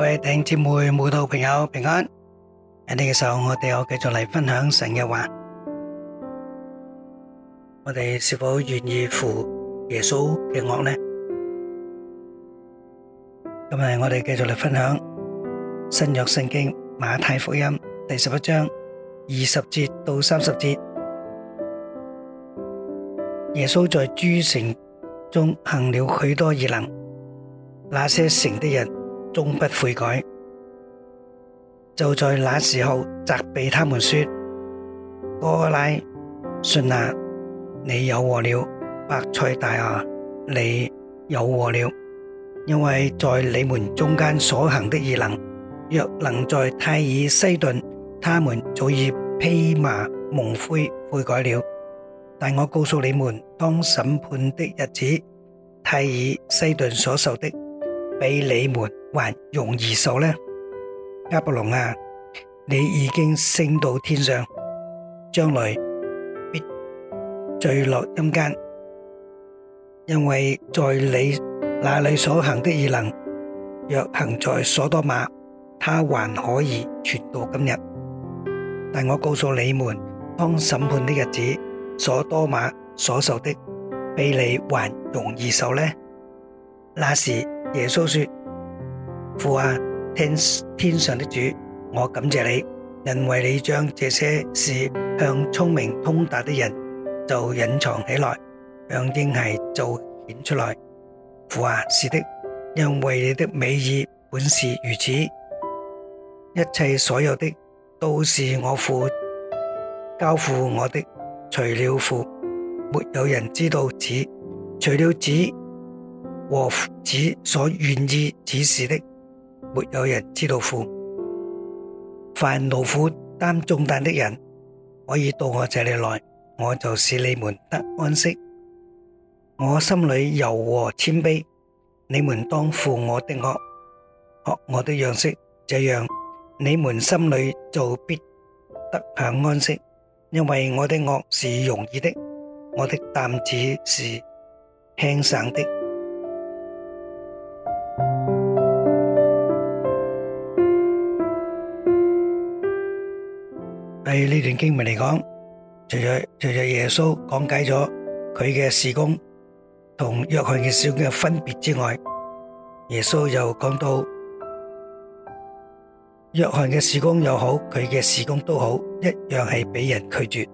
各位弟兄姊妹、慕道朋友平安，喺呢個時候，我哋又繼續嚟分享神嘅話。我哋是否願意負耶穌嘅軛呢？今日我哋繼續嚟分享新約聖經馬太福音第十一章二十節到三十節。耶穌在諸城中行了許多異能，那些城的人，終不悔改。就在那時候，責備他們說：哥拉遜啊，你有禍了，白菜大啊，你有禍了。因為在你們中間所行的異能，若能在泰爾西頓，他們早已披麻蒙灰悔改了。但我告訴你們，當審判的日子，泰爾西頓所受的，比你們。還容易受呢？迦百農啊，你已經升到天上，將來必墜落陰間，因為在你那裏所行的異能，若行在所多瑪，他還可以存到今日。但我告訴你們，當審判的日子，所多瑪所受的，比你還容易受呢。那時，耶穌說。父啊，天天上的主，我感謝你，因為你將這些事向聰明通達的人就隱藏起來，向嬰孩就顯出來。父啊，是的，因為你的美意本是如此。一切所有的都是我父交付我的，除了父，沒有人知道子，除了子和子所願意指示的。沒有人知道父，凡勞苦擔重擔的人，可以到我這裏來，我就使你們得安息。我心裏柔和謙卑，你們當負我的軛，學我的樣式，這樣你們心裏就必得享安息，因為我的軛是容易的，我的擔子是輕省的。喺呢段經文嚟講，除咗除咗耶穌講解咗佢嘅事工同約翰嘅事工嘅分別之外，耶穌又講到約翰嘅事工又好，佢嘅事工都好，一樣係俾人拒絕。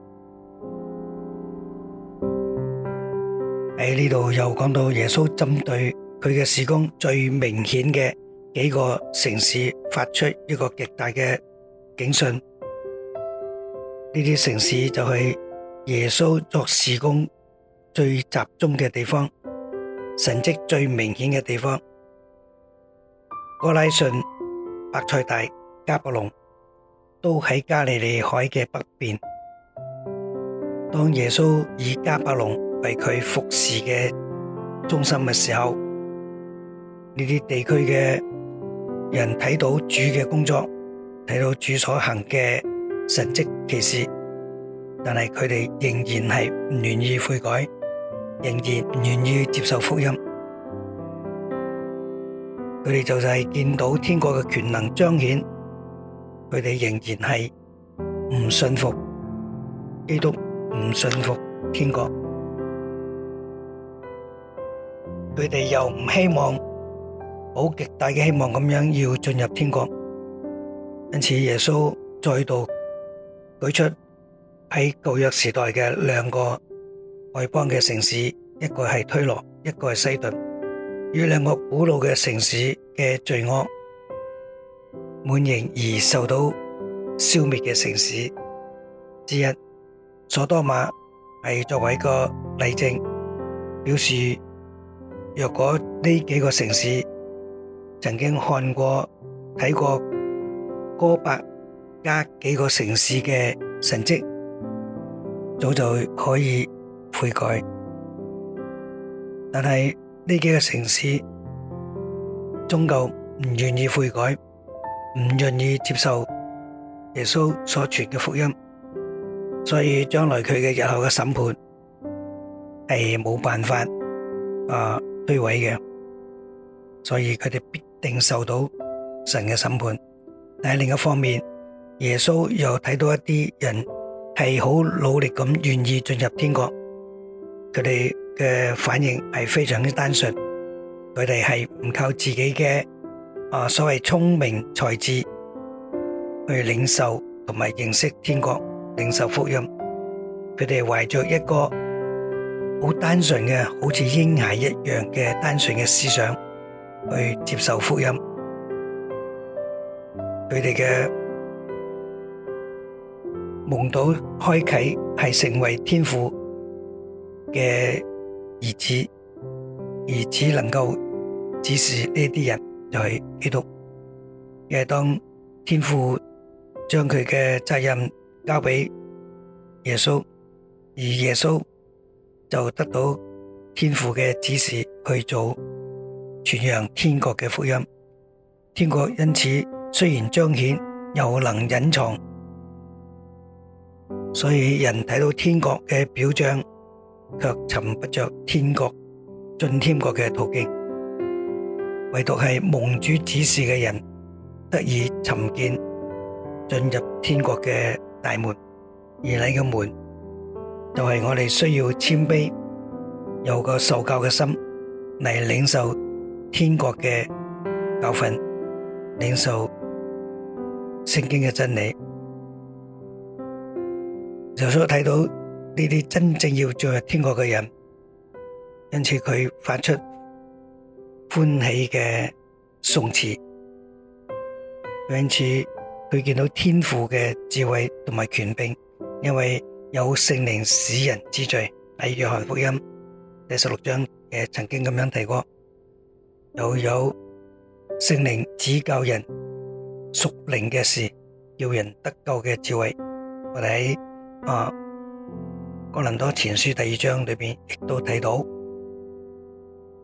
喺呢度又講到耶穌針對佢嘅事工最明顯嘅幾個城市發出一個極大嘅警訊。呢啲城市就係耶穌作事工最集中嘅地方，神蹟最明顯嘅地方。哥拉遜、白菜大、加伯隆都喺加利利海嘅北邊。當耶穌以加伯隆為佢服侍嘅中心嘅時候，呢啲地區嘅人睇到主嘅工作，睇到主所行嘅，神蹟奇事，但係佢哋仍然係唔願意悔改，仍然唔願意接受福音。佢哋就係見到天國嘅權能彰顯，佢哋仍然係唔信服基督，唔信服天國。佢哋又唔希望好極大嘅希望咁樣要進入天國，因此耶穌再度。舉出喺舊約時代嘅兩個外邦嘅城市，一個係推羅，一個係西頓。呢兩個古老嘅城市嘅罪惡滿盈而受到消滅嘅城市之一，日索多瑪係作為一個例證，表示若果呢幾個城市曾經看過睇過哥伯。加幾個城市嘅成績早就可以悔改，但係呢幾個城市終究唔願意悔改，唔願意接受耶穌所傳嘅福音，所以將來佢嘅日後嘅審判係冇辦法啊推諉嘅，所以佢哋必定受到神嘅審判。但係另一方面，耶穌又睇到一啲人係好努力咁願意進入天國，佢哋嘅反應係非常之單純，佢哋係唔靠自己嘅啊所謂聰明才智去領受同埋認識天國、領受福音，佢哋係懷着一個好單純嘅，好似嬰孩一樣嘅單純嘅思想去接受福音，佢哋嘅。夢到開啟係成為天父嘅兒子，而只能夠指示呢啲人就係基督。亦係當天父將佢嘅責任交俾耶穌，而耶穌就得到天父嘅指示去做傳揚天國嘅福音。天國因此雖然彰顯，又能隱藏。所以人睇到天國嘅表象，卻尋不着天國進天國嘅途徑，唯獨係蒙主指示嘅人得以尋見進入天國嘅大門。而你嘅門就係、是、我哋需要謙卑，有個受教嘅心嚟領受天國嘅教訓，領受聖經嘅真理。耶穌睇到呢啲真正要進入天國嘅人，因此佢發出歡喜嘅頌詞；因此佢見到天父嘅智慧同埋權柄，因為有聖靈使人知罪，喺約翰福音第十六章嘅曾經咁樣提過，又有聖靈指教人屬靈嘅事，叫人得救嘅智慧。我哋喺啊，哥林多前書第二章裏邊亦都提到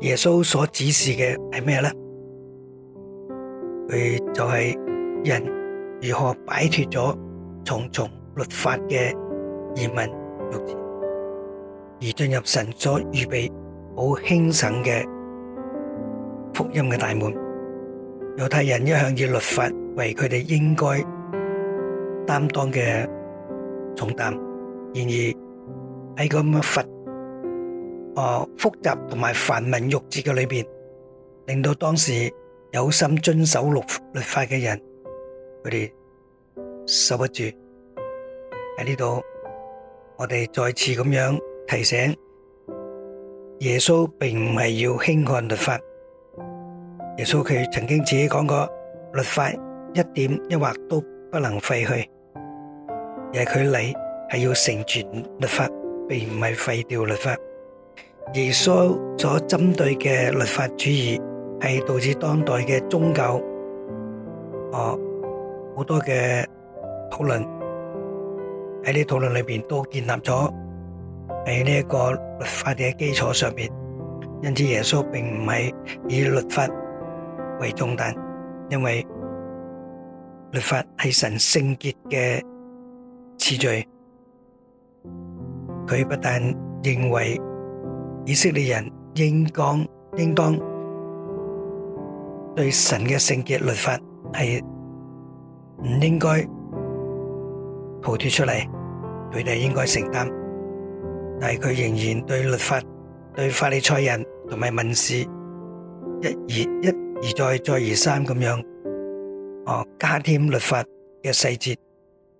耶穌所指示嘅係咩咧？佢就係人如何擺脫咗重重律法嘅疑問，而進入神所預備好輕省嘅福音嘅大門。猶太人一向以律法為佢哋應該擔當嘅。重擔，然而喺咁嘅佛，誒複雜同埋繁文縟節嘅裏邊，令到當時有心遵守律法嘅人，佢哋受不住。喺呢度，我哋再次咁樣提醒：耶穌並唔係要輕看律法。耶穌佢曾經自己講過，律法一點一劃都不能廢去。係佢理係要成全律法，並唔係廢掉律法。耶穌所針對嘅律法主義，係導致當代嘅宗教，啊、哦，好多嘅討論喺呢討論裏面，都建立咗喺呢一個律法嘅基礎上面。因此，耶穌並唔係以律法為重擔，因為律法係神聖潔嘅。次序，佢不但認為以色列人應當、應當對神嘅聖潔律法係唔應該逃脱出嚟，佢哋應該承擔，但係佢仍然對律法、對法利賽人同埋文士，一而一而再、再而三咁樣，哦，加添律法嘅細節。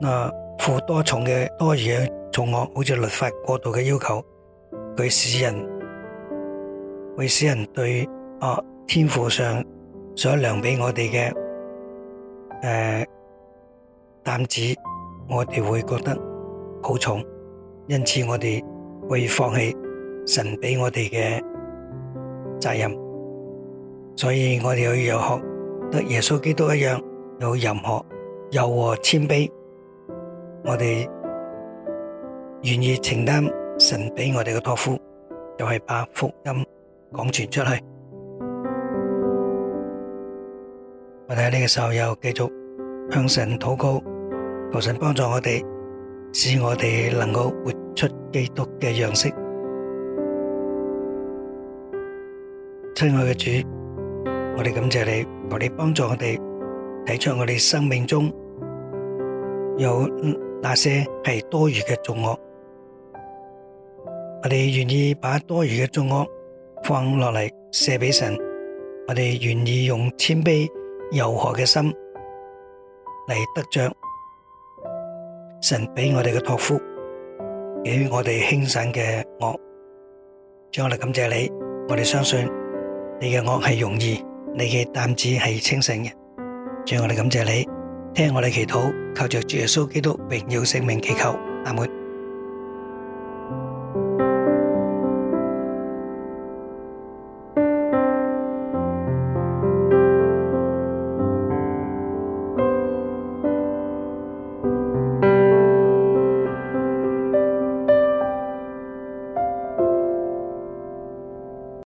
嗱，負、啊、多重嘅多樣重惡，好似律法過度嘅要求，佢使人會使人對、啊、天父上所量俾我哋嘅誒擔子，我哋會覺得好重，因此我哋會放棄神俾我哋嘅責任，所以我哋要學得耶穌基督一樣，有任何柔和謙卑。我哋願意承擔神俾我哋嘅託付，又係把福音講傳出去。我哋喺呢個時候，又繼續向神禱告，求神幫助我哋，使我哋能夠活出基督嘅樣式。親愛嘅主，我哋感謝你，求你幫助我哋睇出我哋生命中有。那些係多餘嘅罪惡，我哋願意把多餘嘅罪惡放落嚟，卸俾神，我哋願意用謙卑柔和嘅心嚟得着神俾我哋嘅託付，俾我哋輕省嘅軛。主，我哋感謝你，我哋相信你嘅軛係容易，你嘅擔子係輕省嘅。主，我哋感謝你。聽我哋祈禱，靠着主耶穌基督榮耀聖名祈求，阿門。